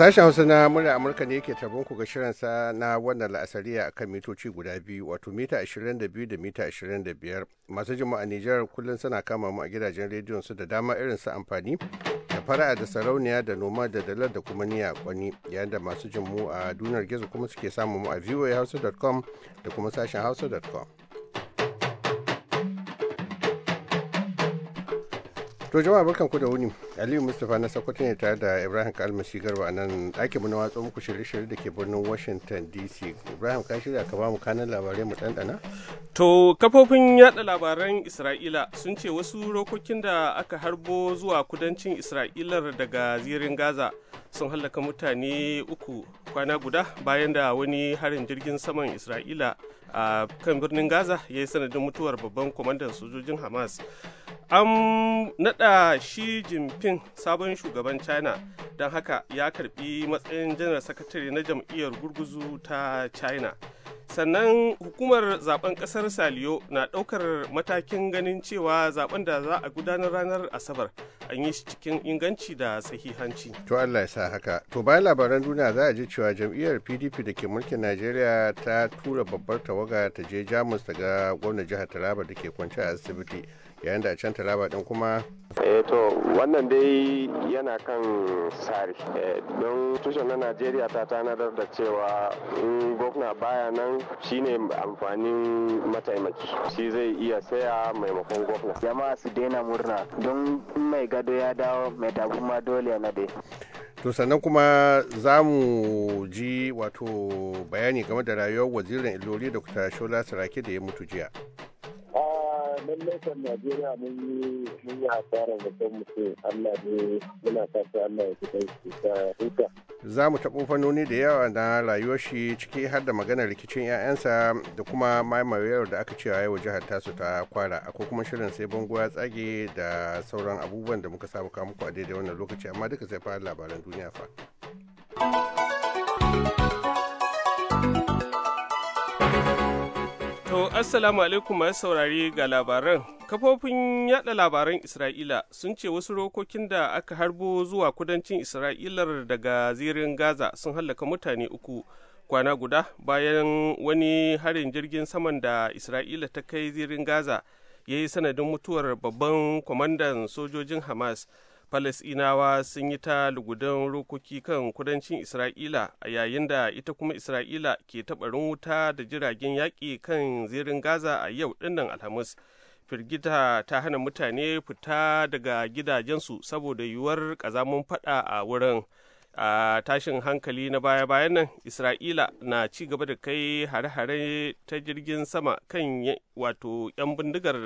Sashen Hausa na murya Amurka ne yake tabon ku ga shirinsa na wannan la'asariya akan mitoci guda biyu wato mita 22 da mita 25. Masu jima'a Nijar kullum suna kama mu a gidajen rediyon su da dama irin su amfani da fara'a da sarauniya da noma da dalar da kuma niya kwani yayin da masu jin mu a duniyar gizo kuma suke samu mu a voahausa.com da kuma sashen hausa.com. to jama'a barkan ku da wuni aliyu mustapha na sakwato ne tare da ibrahim kalmasi garba a nan ɗakin mu na watsa muku shirye-shirye da ke birnin washington dc ibrahim ka shirya ka ba mu kanan labarai mu ɗanɗana to kafofin yada labaran isra'ila sun ce wasu rokokin da aka harbo zuwa kudancin isra'ila daga zirin gaza sun hallaka mutane uku kwana guda bayan da wani harin jirgin saman isra'ila a kan birnin gaza ya yi sanadin mutuwar babban kwamandan sojojin hamas an nada shi jinping sabon shugaban china don haka ya karbi matsayin janar sakatare na jam'iyyar gurguzu ta china sannan hukumar zaben kasar saliyo na ɗaukar matakin ganin cewa zaben da za a gudanar ranar asabar an yi shi cikin inganci da sahihanci to allah ya sa haka to bayan labaran duniya za a ji cewa jam'iyyar pdp da ke mulkin najeriya ta tura babbar tawaga ta je jamus daga gwamnan jihar taraba da ke kwance a asibiti yayin da can talaba din kuma eh to wannan dai yana kan sari eh, don tushen na najeriya ta tanadar da cewa in gwamna baya nan shine amfanin mataimaki shi zai iya saya maimakon gwamna jama'a su daina murna don mai gado ya dawo mai tabu ma dole na dai to sannan kuma za mu ji wato bayani game da rayuwar wazirin ilori da shola sarake da ya mutu jiya lallai Najeriya mun yi mun yi hasara da kan mutum Allah ne muna fata Allah ya kuɗa shi ta huta. Za mu taɓo fannoni da yawa na rayuwar shi ciki har da maganar rikicin 'ya'yansa da kuma mamayewar da aka cewa yau jihar tasu ta kwara akwai kuma shirin sai bango ya tsage da sauran abubuwan da muka samu kamuku a daidai wannan lokaci amma duka sai fara labaran duniya fa. To, Assalamu alaikum masu saurare ga labaran. Kafofin yada labaran Isra'ila sun ce wasu rokokin da aka harbo zuwa kudancin Isra'ilar daga zirin Gaza sun hallaka mutane uku kwana guda bayan wani harin jirgin saman da Isra'ila ta kai zirin Gaza ya yi sanadin mutuwar babban kwamandan sojojin Hamas. falasinawa sun yi ta lugudan rokoki kan kudancin isra'ila a yayin da ita kuma isra'ila ke taɓarin wuta da jiragen yaƙi kan zirin gaza a yau ɗinnan alhamis firgita ta hana mutane fita daga gidajensu saboda yiwuwar ƙazamin faɗa a wurin a tashin hankali na baya-bayan nan isra'ila na ci gaba da kai hare-hare ta jirgin sama kan wato 'yan bindigar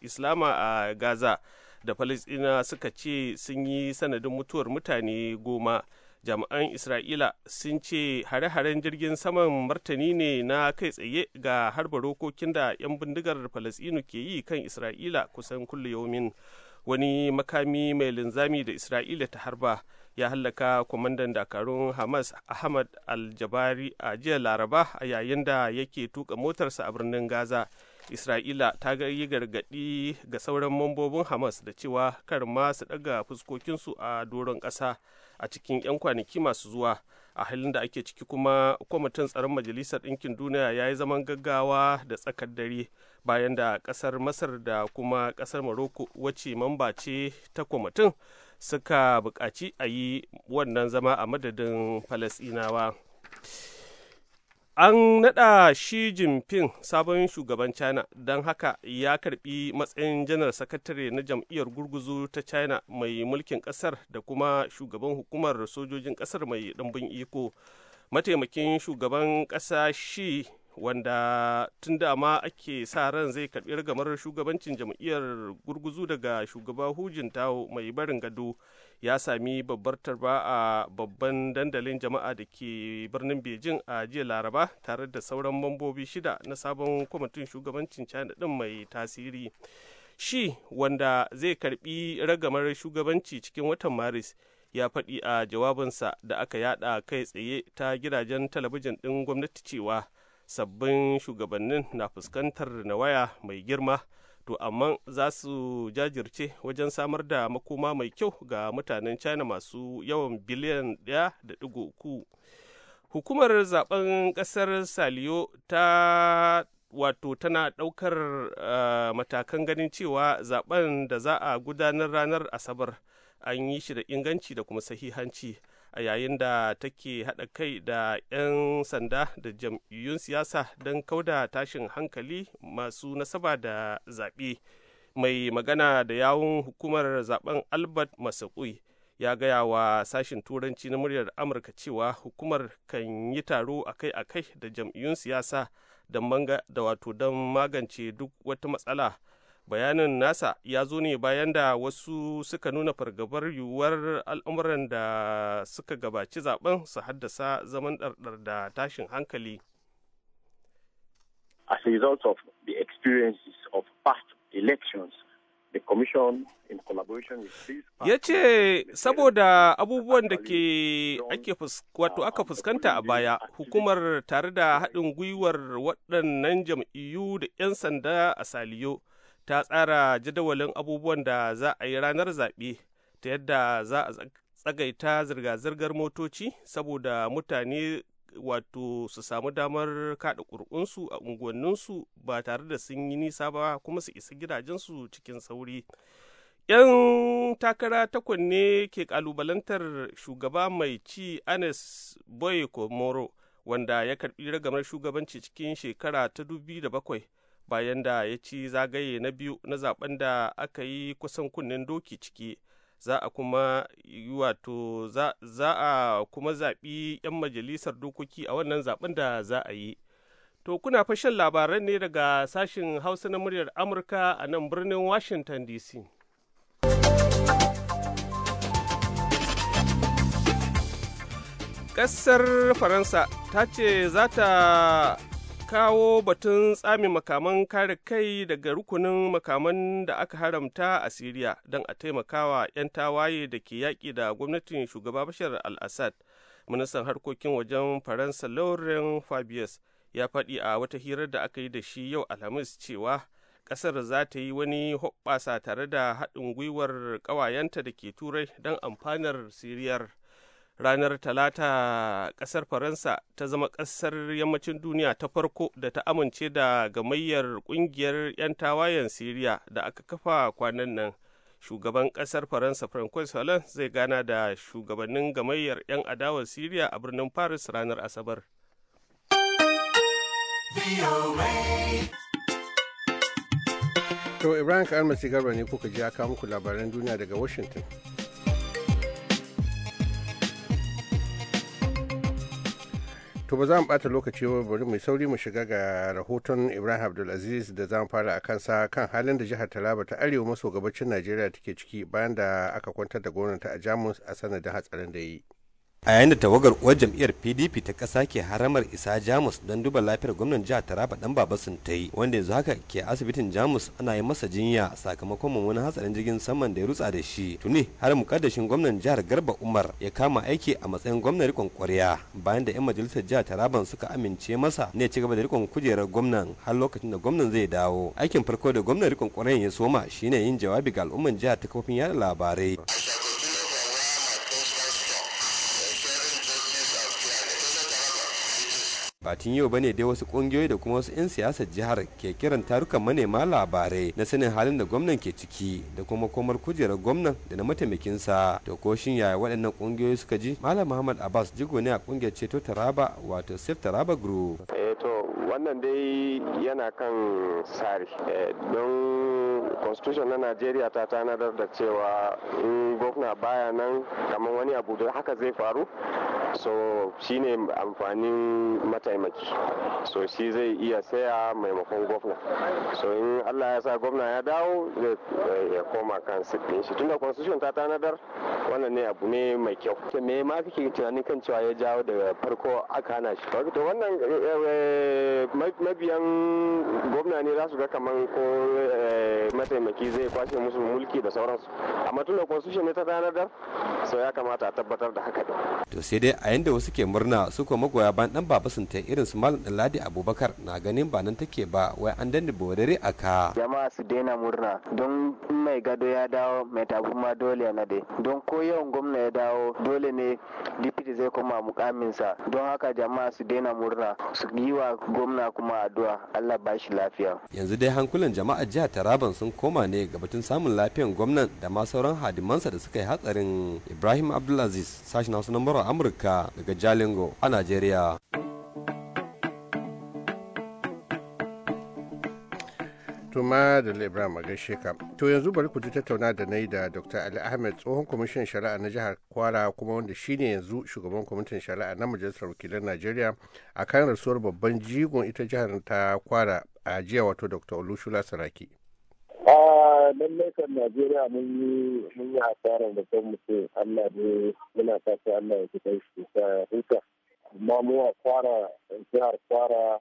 islama a gaza da Falasɗina suka ce sun yi sanadin mutuwar mutane goma. Jami'an Isra'ila sun ce hare-haren jirgin saman martani ne na kai tsaye ga harba rokokin da 'yan bindigar Falasɗinu ke yi kan Isra'ila kusan kulle yomin. Wani makami mai linzami da Isra'ila ta harba ya hallaka kwamandan dakarun Hamas Ahmad Aljabari a jiya Laraba a yayin da yake tuka motarsa a birnin Gaza. isra'ila ta yi gargaɗi ga sauran mambobin hamas da cewa kar ma su daga fuskokinsu a doron ƙasa a cikin 'yan kwanaki masu zuwa a halin da ake ciki kuma kwamitin tsaron majalisar ɗinkin duniya ya yi zaman gaggawa da tsakar dare bayan da ƙasar masar da kuma ƙasar maroko wacce mamba ce ta kwamitin suka buƙaci a yi wannan zama a madadin falasɗinawa An naɗa Xi Jinping sabon shugaban China don haka ya karɓi matsayin janar sakatare na jam'iyyar gurguzu ta China mai mulkin ƙasar da kuma shugaban hukumar sojojin ƙasar mai ɗumbin iko. Mataimakin shugaban ƙasa shi wanda tun da ma ake sa ran zai karɓi ragamar shugabancin jam'iyyar gurguzu daga shugaba Hu Jintao mai barin gado ya sami babbar tarba a babban dandalin jama'a da ke birnin beijing a jiya laraba tare da sauran mambobi shida na sabon kwamitin shugabancin china din mai tasiri shi wanda zai karbi ragamar shugabanci cikin watan maris ya faɗi a jawabinsa da aka yada kai tsaye ta gidajen talabijin ɗin gwamnati cewa sabbin shugabannin na fuskantar na waya mai girma to amma za su jajirce wajen samar da makoma mai kyau ga mutanen china masu yawan biliyan 1.3 hukumar zaben kasar saliyo ta wato tana daukar uh, eh, matakan ganin cewa zaben da za a gudanar ranar asabar an yi shi da inganci da kuma sahihanci a yayin da take haɗa kai da 'yan sanda da jam'iyyun siyasa don kauda tashin hankali masu nasaba da zaɓe mai magana da yawun hukumar zaben albert masakui ya gaya wa sashen turanci na muryar amurka cewa hukumar kan yi taro akai-akai da jam'iyyun siyasa da wato don magance duk wata matsala bayanin nasa ya zo ne bayan da wasu suka nuna fargabar yiwuwar al'amuran da suka gabaci zaben su haddasa zaman ɗarɗar da tashin hankali as a result of the experiences of past elections ya ce saboda abubuwan da ke ake wato aka fuskanta a baya hukumar tare da haɗin gwiwar waɗannan jam'iyyu da 'yan sanda a saliyo ta tsara jadawalin abubuwan da za a yi ranar zaɓe ta yadda za a tsagaita zirga-zirgar motoci saboda mutane wato su samu damar kaɗa ƙuri'unsu a unguwanninsu ba tare da sun yi nisa ba kuma su isa gidajensu cikin sauri. 'yan takara takwan ne ke kalubalantar shugaba mai ci anes boy komoro wanda ya karbi ragamar shugabanci cikin shekara ta bakwai bayan da ya ci zagaye na biyu na zaben da aka yi kusan kunnen doki ciki za a kuma wato za a kuma zaɓi 'yan majalisar dokoki a wannan zaben da za a yi to kuna fashin labaran ne daga sashin hausa na muryar amurka a nan birnin washington dc ƙasar faransa ta ce za ta kawo batun tsamin makaman kare kai daga rukunin makaman da aka haramta a Siriya don a taimakawa 'yan tawaye da ke yaƙi da gwamnatin shugaba Bashar al-Assad. Ministan harkokin wajen Faransa Lauren Fabius ya faɗi a wata hirar da aka yi da shi yau Alhamis cewa ƙasar za ta yi wani hoɓɓasa tare da haɗin gwiwar ƙawayenta da ke turai don amfanar Siriyar. ranar talata kasar faransa ta zama kasar yammacin duniya ta farko da ta amince da gamayyar kungiyar 'yan tawayen siriya da aka kafa kwanan nan shugaban kasar faransa francois hollande zai gana da shugabannin gamayyar 'yan adawar siriya a birnin paris ranar asabar to ibrahim kalmasi garba ne kuka ji aka muku labaran duniya daga washington to ba za mu bata lokaci ba bari mu sauri mu shiga ga rahoton ibrahim abdulaziz da za mu fara a kansa kan halin da jihar talaba ta arewa maso gabacin najeriya take ciki bayan da aka kwantar da gwamnati a jamus a sanadin hatsarin da ya yi a yayin da tawagar uwar jam'iyyar pdp ta ƙasa ke haramar isa jamus don duba lafiyar gwamnan jihar taraba dan babasun ta yi wanda yanzu haka ke asibitin jamus ana yi masa jinya sakamakon mummunan hatsarin jirgin saman da ya rutsa da shi tuni har mukaddashin gwamnan jihar garba umar ya kama aiki a matsayin gwamnan rikon kwarya bayan da yan majalisar jihar taraban suka amince masa ne ci gaba da rikon kujerar gwamnan har lokacin da gwamnan zai dawo aikin farko da gwamnan rikon kwaryan ya soma shine yin jawabi ga al'umman jihar ta kafofin yada labarai batun yau bane dai wasu kungiyoyi da kuma wasu 'yan siyasar jihar ke kiran tarukan manema labarai na sanin halin da gwamnan ke ciki da kuma komar kujerar gwamnan da na mataimakinsa da ko shin yaya waɗannan kungiyoyi suka ji malam muhammad abbas jigo ne a kungiyar ceto taraba wato safe taraba group eh to wannan dai yana kan tsari eh, don constitution na najeriya ta tanadar da cewa in gwamna baya nan kamar wani abu da haka zai faru so shine amfanin mataimakin mataimaki so shi zai iya saya maimakon gwamna so in allah ya sa gwamna ya dawo zai eh, koma kan shi tunda constitution ta tanadar wannan ne abu ne mai kyau to me ma kake tunanin kan cewa ya jawo daga farko aka hana shi to wannan eh, eh, mabiyan gwamna ne za su ga kamar ko eh, mataimaki zai kwashe musu mulki da sauransu amma tun da constitution ne ta da so ya kamata a tabbatar da haka to sai dai a yanda wasu ke murna su ko magoya ban dan baba sun ta irin su malam ladi abubakar na ganin ba nan take ba wai an danne bodare a jama'a su daina murna don mai gado ya dawo mai tabu ma dole na dai don ko ko yawan gwamna ya dawo dole ne dpd zai koma mukaminsa don haka jama'a su daina murna su yi wa gwamna kuma addu'a allah ba shi lafiya yanzu dai hankulan jama'a jiya taraban sun koma ne ga batun samun lafiyan gwamnan da ma sauran hadimansa da suka yi hatsarin ibrahim abdulaziz sashen hausa na amurka daga jalingo a najeriya To ma da Ibrahim a gaishe ka. To yanzu bari ku ji tattauna da nai da Dr. Ali Ahmed tsohon kwamishin shari'a na jihar Kwara kuma wanda shine yanzu shugaban kwamitin shari'a na Majalisar Wakilan Najeriya a kan rasuwar babban jigon ita jihar ta Kwara a jiya wato Dr. Olushula Saraki. A lallai kan Najeriya mun yi hasarar da kan mutum Allah ne muna fata Allah ya fi kai ta huta. Amma mu a Kwara jihar Kwara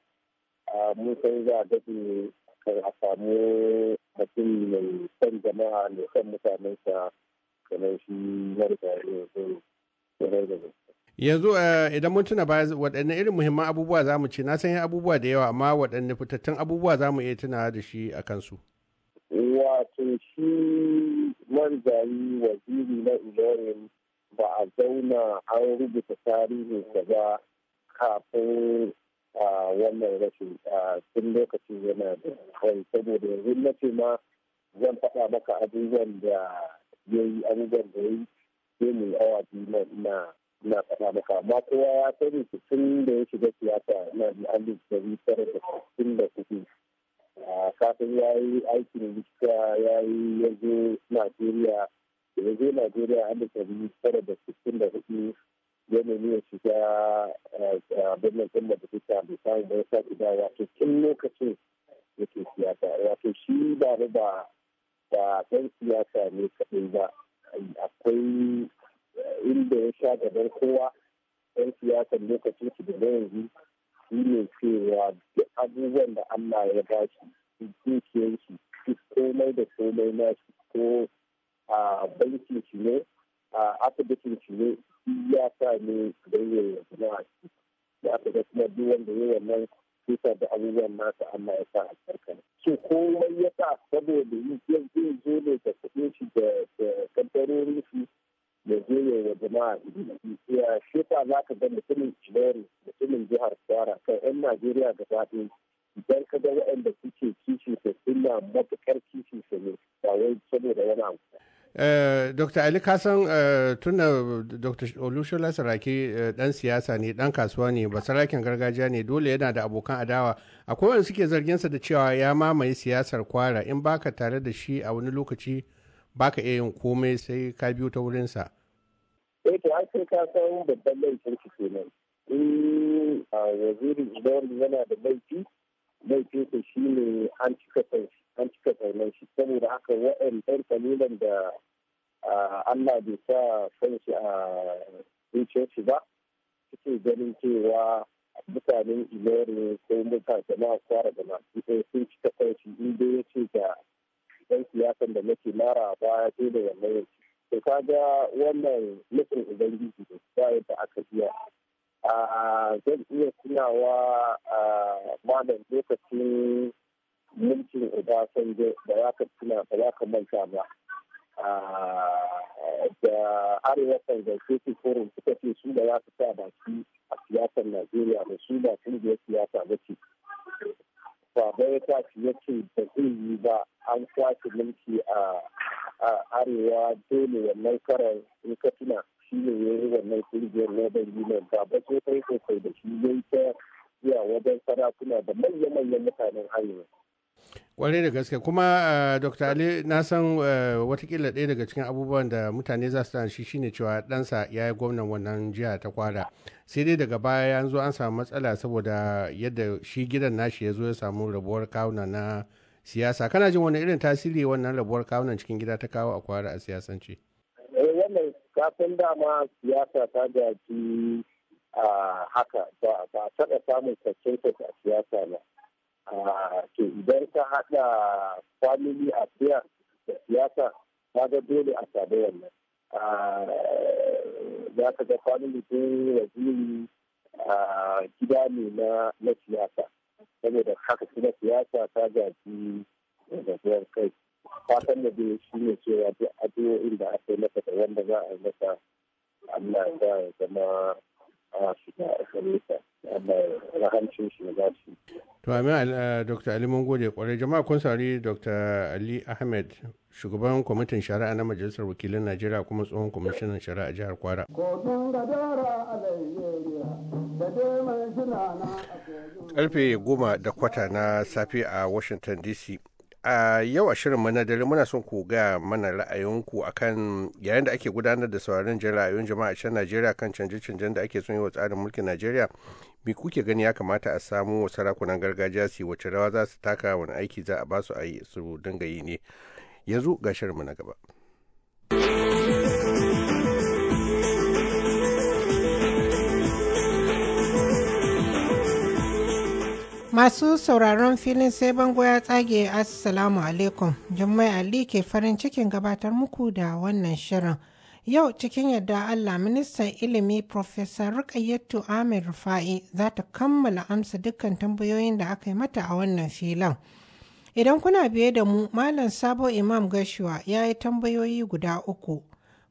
mun san za a a samu mutum mai son jama'a mai son mutanensa kamar shi marga yanzu yanzu eh, idan mun tuna baya waɗanne irin muhimman abubuwa za mu ce na san abubuwa da yawa amma waɗanne fitattun abubuwa za mu iya tuna da shi a kansu wato shi manzari waziri na ilorin ba a zauna an rubuta tarihin ba kafin wannan rashin tun lokaci yana da kai saboda yanzu na ce ma zan faɗa maka abubuwan da ya yi abubuwan da ya yi sai mu awa biyu na na faɗa maka amma kowa ya sani tun da ya shiga siyasa na da alif dari tara da tun da kuɗi kafin ya yi aikin likita ya yi ya zo najeriya da najeriya alif tara da sittin da kuɗi yanayi eh, eh, ya shiga birnin ɗin majalisa da samu bai sa ida wato tun lokacin yake siyasa wato shi ba da ba ɗan siyasa ne kaɗai ba akwai eh, inda ya sha gaban kowa ɗan siyasa lokacin su da yanzu shi ne cewa duk abubuwan da Allah ya ba shi dukiyar shi duk komai da komai na shi ko a ah, bankin shi ne a ah, asibitin shi ne ya sa ne don yin jama'a da aka ga kuma duk wanda ya wannan kusa da abubuwan nasa amma ya sa karkar so komai ya sa saboda yin zai zo ne da kuɗin shi da kaddarorin shi ya zo ya wa jama'a ya shi sa za ka ga mutumin Ilori mutumin jihar Kwara kan 'yan Najeriya da ɗaya idan ka ga waɗanda suke kishi da suna matuƙar kishi su ne ba wai saboda yana Eh, Dr. Ali Kasan eh, tunda Dr. Olushola Saraki dan eh, siyasa ne dan kasuwa ne ba sarakin gargajiya ne dole yana da abokan adawa akwai wanda suke zargin sa da cewa ya mamaye siyasar kwara in baka tare da shi a wani lokaci baka iya yin komai sai ka biyo ta wurin sa. Eh to ka san babban laifin shi kenan. In waziri idan yana da laifi laifin shine an cika an cika shi saboda haka ɗan kalilan da Ah, Allah bai sa kanshi a zuciyarsu ba suke ganin cewa mutanen ilori ko mutane a kwara da masu ɗaya sun ci ta kanshi inda ya ce ga ɗan siyasan da nake mara baya sai da wannan yanki to kaga wannan nufin ubangiji ne ba yadda aka biya ah, zan iya tunawa ah, malam lokacin mulkin obasanjo da ya ka tuna ba ya ka manta ba da arewa kan zance su forum suka ce su da ya fi sa baki a siyasar najeriya da su ba kungiyar siyasa ba ce ba ya tashi ya ce da zai yi ba an kwace mulki a arewa dole wannan karan in ka tuna shi ne ya yi wannan kungiyar northern union ba ba kai sosai da shi ya yi ta zuwa wajen sarakuna da manya-manyan mutanen arewa kwarai da gaske kuma eh, dr ali na san eh, watakila ɗaya daga cikin abubuwan da mutane za su shi shine cewa ɗansa ya yi gwamnan wannan jiha ta kwara sai dai daga baya ya zo an samu matsala saboda yadda shi gidan nashi ya zo ya samu rabuwar kawuna na siyasa kana jin wani irin tasiri wannan rabuwar kawunan cikin gida ta kawo a kwara a siyasance eh, wannan kafin dama siyasa ta gaji a ah, haka ba a taɓa samun kwanciyar a siyasa ba Ah, to idan ka haɗa family affairs da siyasa ta ga dole a samu wannan ah, za ka ga family sun wajen ah, gida ne na siyasa saboda haka kuma siyasa ta gaji da kai fatan da dai shi ne cewa duk addu'o'in da aka yi masa wanda za a yi masa Allah ya zama To amin eh, Dr. Ali mun gode kwarai jama'a kun saurari Dr. Ali Ahmed shugaban kwamitin shari'a na majalisar wakilin Najeriya kuma tsohon kwamishinan shari'a jihar Kwara. Karfe goma da kwata na safe a Washington DC a yau a shirin na dare muna son ku ga mana ra'ayinku akan yayin da ake gudanar da sauran jan ra'ayoyin jama'a can Najeriya kan canje-canjen da ake son yi wa tsarin mulkin Najeriya me kuke gani ya kamata a samu sarakunan gargajiya su wace rawa za su taka wani aiki za a ba su a yi su dinga yi ne yanzu ga shirinmu na gaba. Masu sauraron filin sai bango ya tsage Assalamu alaikum. Jummai Ali ke farin cikin gabatar muku da wannan shirin. Yau cikin yadda Allah ministan ilimi Professor Rukayyatu Amir Rufa'i za ta kammala amsa dukkan tambayoyin da aka yi mata a wannan filin. Idan kuna biye da mu, Malam Sabo Imam Gashua ya yi tambayoyi guda uku.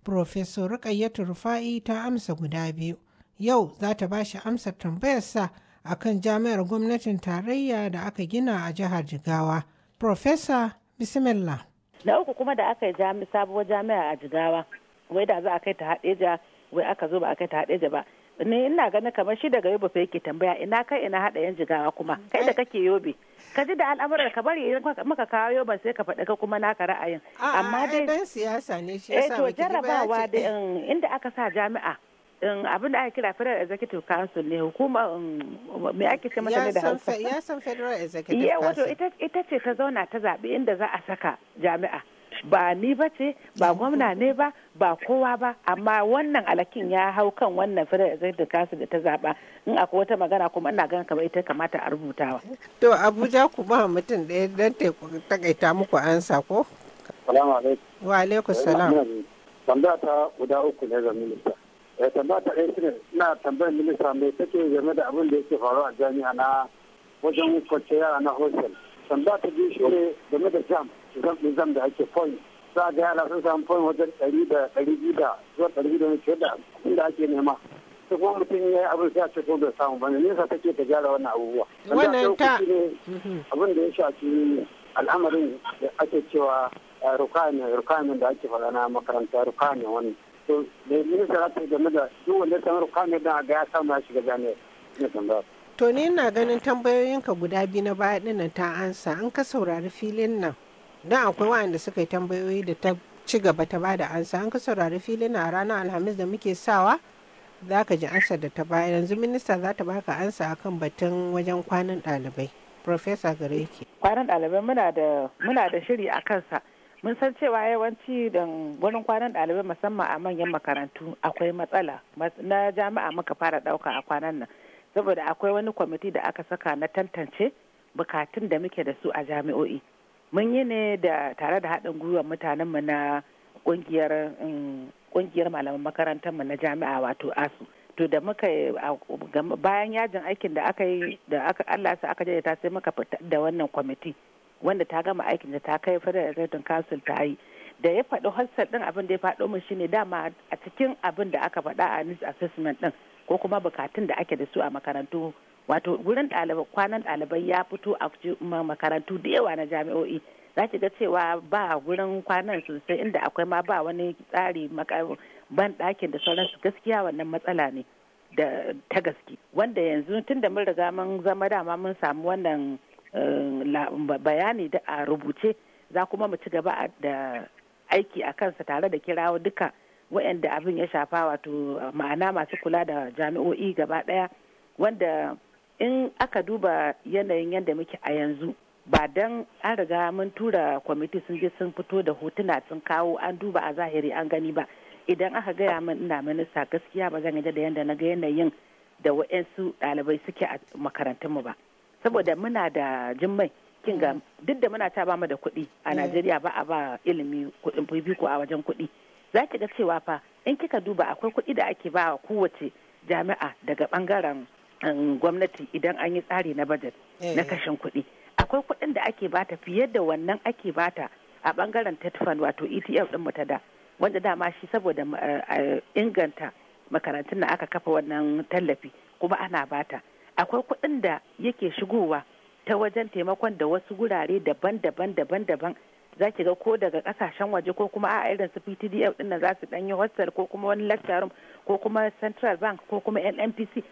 Professor Rukayyatu Rufa'i ta amsa guda biyu. Yau za ta ba shi amsar tambayarsa. a kan jami'ar gwamnatin tarayya da aka gina a jihar Jigawa. Profesa Bismillah. Na uku kuma da aka yi sabuwar jami'a a Jigawa, wai da za a kai ta haɗeja, wai aka zo ba a kai ta haɗeja ba. ne ina ganin kamar shi daga yobe yake tambaya ina kai ina hada yan jigawa kuma kai da kake yobe ka ji da al'amuran ka bari idan maka kawo yobe sai ka faɗi ka kuma naka ra'ayin amma dai dan siyasa ne shi eh, yasa to jarrabawa da inda aka sa jami'a abin da aka kira federal executive council ne hukuma um, me ake ce mata da hausa ya san federal executive council wato ita ce ta zauna ta zaɓi inda za a saka jami'a ba ni ba ce ba gwamna ne ba ba kowa ba amma wannan alakin ya hau kan wannan federal executive council da ta zaba in akwai wata magana kuma ina ganin kamar ita kamata a rubutawa to abuja ku ba mutum ɗaya don takaita muku ansa ko salamu alaikum wa alaikum salam tambaya ta guda uku ne ga minista eh tambaya ta ɗaya shine ina tambayar minista mai take game da abin da yake faruwa a jami'a na wajen kwace yara na hostel tambaya ta biyu shine game da jam exam da ake point za ga yara sun samu point wajen ɗari da ɗari biyu da zuwa ɗari biyu da mace da da ake nema ta kuma mutum ya yi abin sai a ce bai samu ba ne nesa take ta gyara wannan abubuwa wannan ta mhm. abin da ya shafi al'amarin da ake cewa rukani eh, rukani da ake faɗa na makaranta rukani wani to To ni ina ganin tambayoyinka guda biyu na baya dinnan ta ansa an ka saurari filin nan don akwai waɗanda suka yi tambayoyi da ta ci gaba ta ba da ansa an ka saurari filin na ranar alhamis da muke sawa za ka ji ansa da ta baya yanzu minista za ta baka ansa akan batun wajen kwanan ɗalibai. Profesa Gareki. Kwanan ɗalibai muna da shiri a kansa. mun san cewa yawanci da wurin kwanan ɗalibai musamman a manyan makarantu akwai matsala na jami'a muka fara ɗauka a kwanan nan saboda akwai wani kwamiti da aka saka na tantance bukatun da muke da su a jami'o'i mun yi ne da tare da haɗin gwiwar mutanenmu na um, ƙungiyar malaman makarantar mu na jami'a wato asu to da muka bayan yajin aikin da aka yi da aka Allah sa aka jadata sai muka fita da wannan kwamiti wanda ta gama aikin da ta kai federal Redon council ta yi da ya faɗi hostel ɗin abin da ya faɗo mun shine dama a cikin abin da aka faɗa a nis assessment ɗin ko kuma bukatun da ake da su a makarantu wato wurin ɗalibai kwanan ɗalibai ya fito a makarantu da yawa na jami'o'i za ki ga cewa ba gurin kwanan sosai inda akwai ma ba wani tsari ban ɗakin da sauransu gaskiya wannan matsala ne da ta gaske wanda yanzu tun da mun riga mun zama dama mun samu wannan Eh, bayani da a rubuce za kuma mu ci gaba da aiki a kansa tare da kirawo duka waɗanda abin ya shafa wato ma'ana masu kula da jami'o'i gaba ɗaya wanda in aka duba yanayin yadda muke a yanzu ba don an riga mun tura kwamiti sun je sun fito da hotuna sun kawo an duba a zahiri an gani ba idan aka gaya min ina minista gaskiya ba zan yadda da yadda na ga yanayin da wa'yansu ɗalibai suke a makarantunmu ba saboda muna da jimmai kin ga mm. duk da muna ta ba mu da kuɗi a mm. Najeriya ba a ba ilimi kuɗin fifiko a wajen kuɗi za ki ga cewa fa in kika duba akwai kuɗi da ake ba wa kowace jami'a daga bangaren um, gwamnati idan an yi tsari na bajet. Eh, na eh. kashin kuɗi akwai kuɗin da ake bata fiye da wannan ake bata a bangaren tetfan wato etf din ta da wanda dama shi saboda uh, uh, inganta makarantun da aka kafa wannan tallafi kuma ana bata akwai kuɗin da yake shigowa ta wajen taimakon da wasu gurare daban-daban daban-daban za ki ga ko daga kasashen waje ko kuma a irin su PTDF din nan za su danyi hostel ko kuma wani lecture ko kuma Central Bank ko kuma NNPC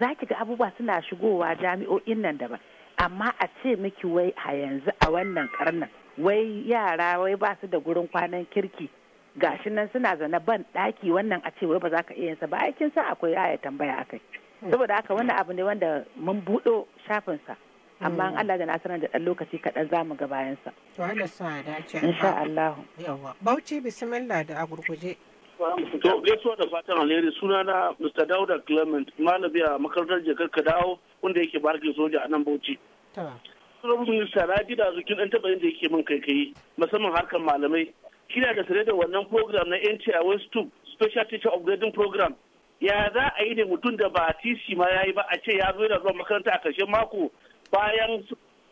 za ki ga abubuwa suna shigowa jami'o'in nan daban amma a ce miki wai a yanzu a wannan karnan wai yara wai ba su da gurin kwanan kirki gashi nan suna zana ban daki wannan a ce wai ba za ka iya yinsa ba aikin sa akwai aya tambaya akai saboda haka wannan abu ne wanda mun buɗo shafinsa amma an mm. Allah da na sanar da ɗan lokaci kaɗan za mu ga bayansa. To Allah sa dace. Insha Allah. Yawwa. Bauchi bismillah da agurguje. To gaisuwa da fatan alheri suna na Mr. Dauda Clement Malabi a makarantar jakar Kadawo wanda yake barkin soja a nan Bauchi. Sunan minista na ji da zukin ɗan taɓa da yake min kaikayi musamman harkar malamai. Kina da sare da wannan program na NTA West Tube Special Teacher Upgrading Program ya za a yi ne mutum da ba tisi ma ya yi ba a ce ya zo yana zuwa makaranta a ƙarshen mako bayan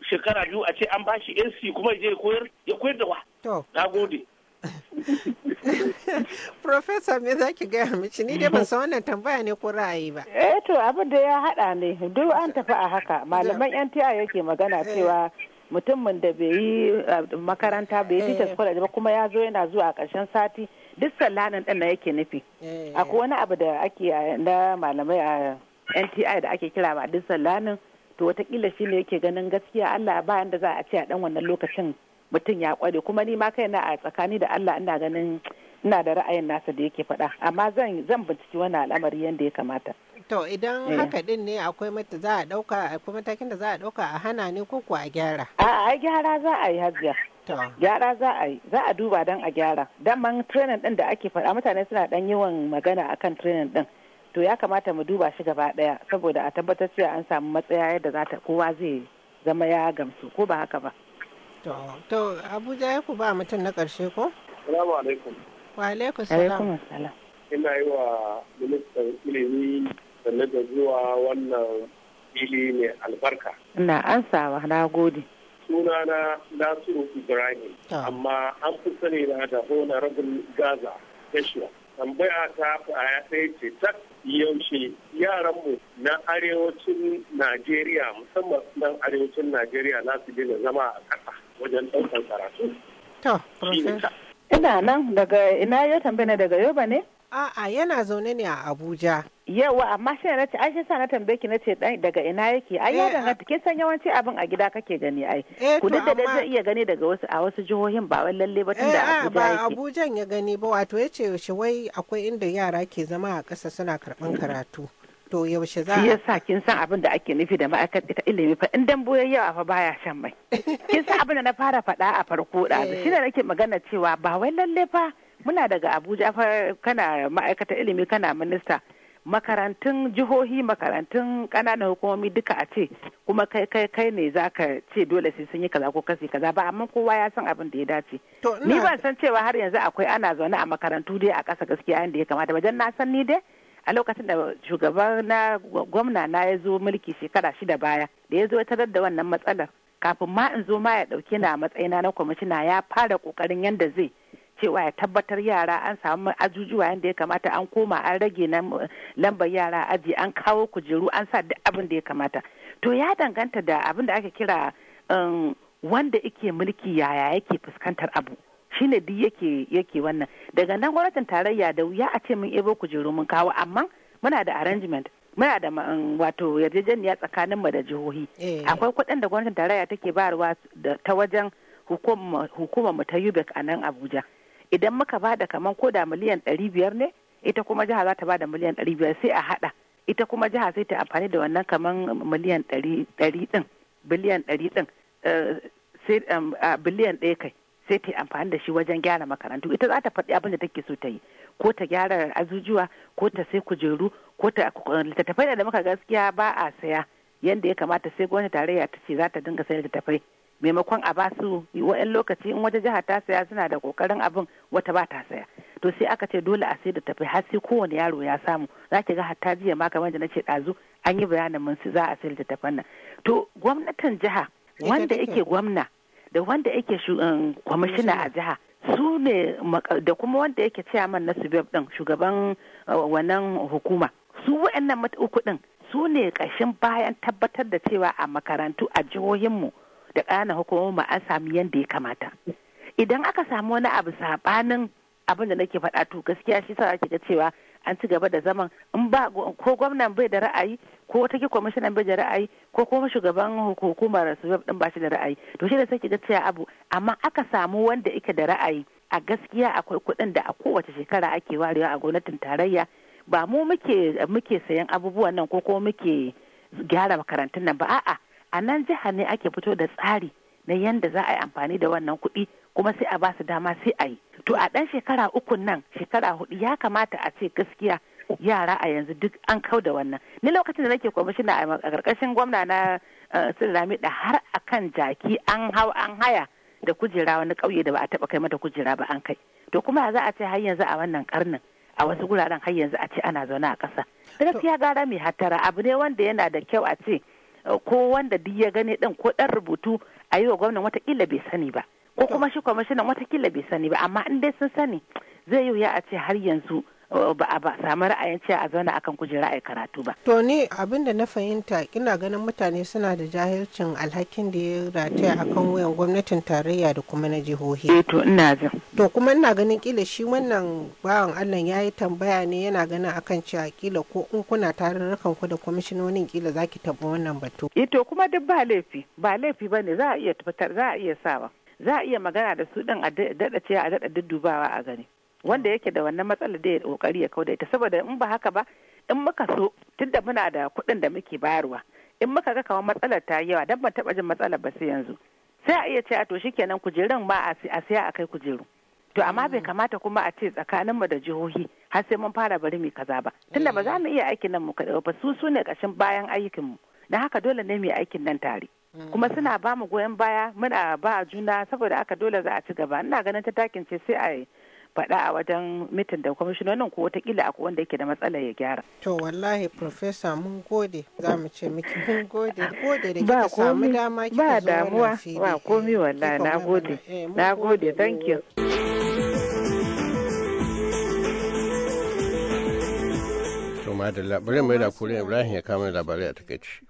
shekara biyu a ce an ba shi NC kuma ya koyar ya koyar da wa. Na gode. Profesa me za ki gaya mace ni dai ban san wannan tambaya ne ko ra'ayi ba. Eh to abin da ya haɗa ne duk an tafi a haka malaman yan NTI yake magana eh. cewa mutumin da bai yi ah, makaranta bai yi teachers eh. college ba kuma ya zo yana zuwa a ƙarshen sati duk sallanin ɗin na yake nufi eh. akwai wani abu da ake eh, na malamai a eh, nti da ake kira ma duk sallanin to watakila shi ne yake ganin gaskiya allah bayan da za a ce a ɗan wannan lokacin mutum ya kware kuma ni ma na a tsakani da allah ina ganin ina da ra'ayin nasa da yake faɗa amma zan zan binciki wannan al'amari yadda ya kamata to idan haka din ne akwai mata za a ɗauka akwai matakin da za a ɗauka a hana ne ko a gyara a gyara za a yi haziya. gyara za a yi za a duba dan a gyara daman training din da ake faɗa mutane suna dan yawan magana akan training din to ya kamata mu duba shi gaba daya saboda a tabbatar cewa an samu matsaya yadda za ta kowa zai zama ya gamsu ko ba haka ba to abuja ya ku ba mutum na karshe ko salamu alaikum wa alaikum salam ina yi wa ministan ilimi sannan da zuwa wannan fili mai albarka na ansawa na gode na nasiru ibrahim ah. amma an fi sani na da honorable gaza joshua tambaya ta ya ɗaya ce tak yaushe yaranmu na arewacin najeriya musamman nan arewacin najeriya na su daina zama a ƙasa wajen ɗaukar karatu. ina nan daga ina ya tambaya daga yoba ne A'a yana zaune ne a Abuja. Yawa amma shi na ce ai na tambaye ki na ce daga ina yake ai ya eh, danganta kin san yawanci abin a gida kake gani ai. Eh, Ku da da zai iya gani daga wasu a wasu jihohin ba wai lalle ba tunda eh, Abuja yake. Ba Abuja ya gani ba wato yace ce wai akwai inda yara ke zama a ƙasa suna karɓan karatu. To yaushe za a. sa kin san abin da ake nufi da ma'aikata ilimi fa in dambo ya yawa fa baya shan mai. Kin san abin da na fara faɗa a farko da shi ne nake magana cewa ba wai lalle fa. muna daga abuja kana ma'aikata ilimi kana minista makarantun jihohi makarantun kananan hukumomi duka a ce kuma kai kai kai ne za ka ce dole sai sun yi kaza ko kasi kaza ba amma kowa ya san abin da ya dace ni ban san cewa har yanzu akwai ana zaune a makarantu dai a kasa gaskiya inda ya kamata ba na san ni dai a lokacin da shugaban na gwamna na ya zo mulki shekara shida baya da ya zo ya da wannan matsalar kafin ma in zo ma ya ɗauke na matsayina na kwamishina ya fara kokarin yanda zai cewa ya tabbatar yara an samu ajujuwa yadda ya kamata an koma an rage lambar yara aji an kawo kujeru an sa duk abin da ya kamata to ya danganta da abin da aka kira um, wanda yake mulki yaya yake fuskantar abu shine duk yake yake wannan daga nan gwamnatin tarayya da wuya a ce mun ebo kujeru mun kawo amma muna da arrangement muna da um, wato yarjejeniya tsakanin mu da jihohi eh. akwai kuɗin da gwamnatin tarayya take bayarwa ta wajen hukumar mu ta yubek a nan Abuja idan muka bada kaman ko da miliyan ɗari biyar ne ita kuma jiha za ta bada miliyan ɗari biyar sai a haɗa ita kuma jiha sai ta amfani da wannan kaman miliyan ɗari ɗin biliyan ɗari ɗin eh, sai biliyan ɗaya kai sai ta amfani da shi wajen gyara makarantu ita za ta faɗi abin da take so ta yi ko ta gyara azujuwa ko ta sai kujeru ko ta eh, littattafai da muka gaskiya ba a saya yanda ya kamata sai gwamnati tarayya ta ce za ta dinga sayar da littattafai maimakon a basu wa'yan lokaci in wata jiha ta saya suna da kokarin abin wata ba ta saya to sai aka ce dole a sai da tafi har sai kowane yaro ya samu za ki ga hatta jiya ma kamar da nace ɗazu an yi bayanin mun za a sai da tafan nan to gwamnatin jiha wanda yake gwamna da wanda yake um, kwamishina a jiha su ne da kuma wanda yake ciyaman na subeb din shugaban uh, wannan hukuma su wa'annan uku din su ne ƙashin bayan tabbatar da cewa a makarantu a jihohinmu da ƙananan ma an samu yadda ya kamata idan aka samu wani abu saɓanin abin da nake faɗa to gaskiya shi sa ke ga cewa an ci gaba da zaman in ba ko gwamnan bai da ra'ayi ko wata ke kwamishinan bai da ra'ayi ko kuma shugaban hukumar su din ba shi da ra'ayi to shi da sai ga cewa abu amma aka samu wanda yake da ra'ayi a gaskiya akwai kuɗin da a kowace shekara ake warewa a gwamnatin tarayya ba mu muke muke sayan abubuwan nan ko kuma muke gyara makarantun nan ba a'a a nan jihar ne ake fito da tsari na yadda za a yi amfani da wannan kuɗi kuma sai a ba su dama sai a yi to a ɗan shekara uku nan shekara hudu ya kamata a ce gaskiya yara a yanzu duk an kau da wannan ni lokacin da nake kwamishina a ƙarƙashin gwamna na eh, sun da har a kan jaki an hau an haya da kujera wani ƙauye da ba a taɓa kai mata kujera ba an kai to kuma za a ce har yanzu a wannan karnin a wasu guraren har yanzu a ce ana zaune a ƙasa gaskiya gara mai hattara abu ne wanda yana da kyau a ce ko wanda duk ya gani din ko dan rubutu a yi wa gwamnan watakila bai sani ba ko kuma shi kwamishinan watakila bai sani ba amma in dai sun sani zai yi wuya a ce har yanzu ba a samu ra'ayin cewa a zauna akan kujera a karatu ba. To ni abin da na fahimta ina ganin mutane suna da jahilcin alhakin da ya rataya akan wuyan gwamnatin tarayya da kuma na jihohi. Eh to ina jin. To kuma ina ganin kila shi wannan bawan Allah ya yi tambaya ne yana ganin akan cewa kila ko in kuna tarurrukan ku da kwamishinonin kila za ki taɓa wannan batu. Eh to kuma duk ba laifi ba laifi ba ne za a iya tabbatar za a iya sawa. Za a iya magana da su ɗin a daɗa cewa a daɗa duddubawa a gani. wanda yake da wannan matsalar da ya kokari ya kaudaita saboda in ba haka ba in muka so tunda muna da kuɗin da muke bayarwa in muka ga kawai matsalar ta yawa dan ban taba jin matsalar ba sai yanzu sai a iya cewa to shikenan kujerun ba a siya a kai kujeru to amma bai mm. kamata kuma a ce tsakaninmu da jihohi har sai mun fara bari mu kaza ba tunda ba za mu iya aikin nan mu ba su su ne ƙashin bayan mu na haka dole ne mu aikin nan tare mm. kuma suna ba mu goyon baya muna ba juna saboda aka dole za a ci gaba ina ganin ta takin ce sai a faɗa a wajen mitin da kwamishinonin ko watakila akwai wanda yake da matsala ya gyara. To wallahi profesa mun gode za mu ce miki mun gode gode da kika samu dama kika zo wannan fili. Ba komi wallahi eh, na gode na gode thank you. To madalla bari mai da kuri Ibrahim ya kama labarai a takaici.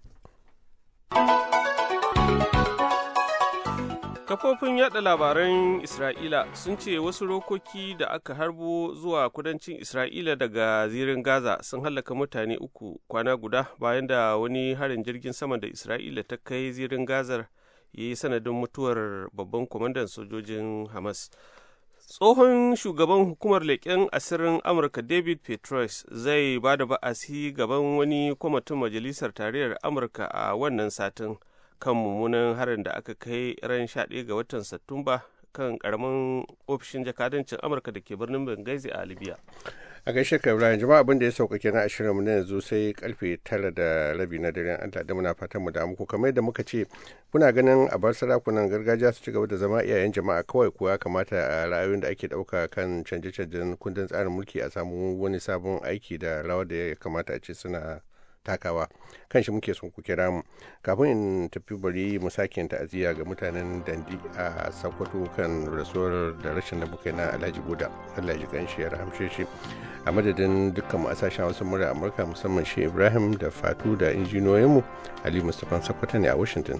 kafofin yada labaran isra'ila sun ce wasu rokoki da aka harbo zuwa kudancin isra'ila daga zirin gaza sun hallaka mutane uku kwana guda bayan da wani harin jirgin sama da isra'ila ta kai zirin gaza ya yi sanadin mutuwar babban kwamandan sojojin hamas tsohon shugaban hukumar leƙen asirin amurka david petros zai ba da ba'asi gaban wani kwamitin majalisar tarayyar amurka a wannan satin. kan mummunan harin da aka kai ran shaɗe ga watan satumba kan karamin ofishin jakadancin amurka da ke birnin bengazi a libya a gaishe ka ibrahim jama'a abinda ya sauka na ashirin mu na yanzu sai karfe tara da rabi na daren allah da muna fatan mu da muku kamar yadda muka ce kuna ganin a bar sarakunan gargajiya su ci gaba da zama iyayen jama'a kawai kuwa kamata a ra'ayoyin da ake dauka kan canje-canjen kundin tsarin mulki a samu wani sabon aiki da rawa da ya kamata a ce suna takawa kan shi muke son ku kira mu kafin in tafi bari mu sake ta'aziyya ga mutanen dandi a sakwato kan rasuwar da rashin da muka na alhaji buda allah ji ya rahamshe shi a madadin dukkan mu asashen wasu mura amurka musamman shi ibrahim da fatu da injiniyoyinmu ali mustapha sakwato ne a washington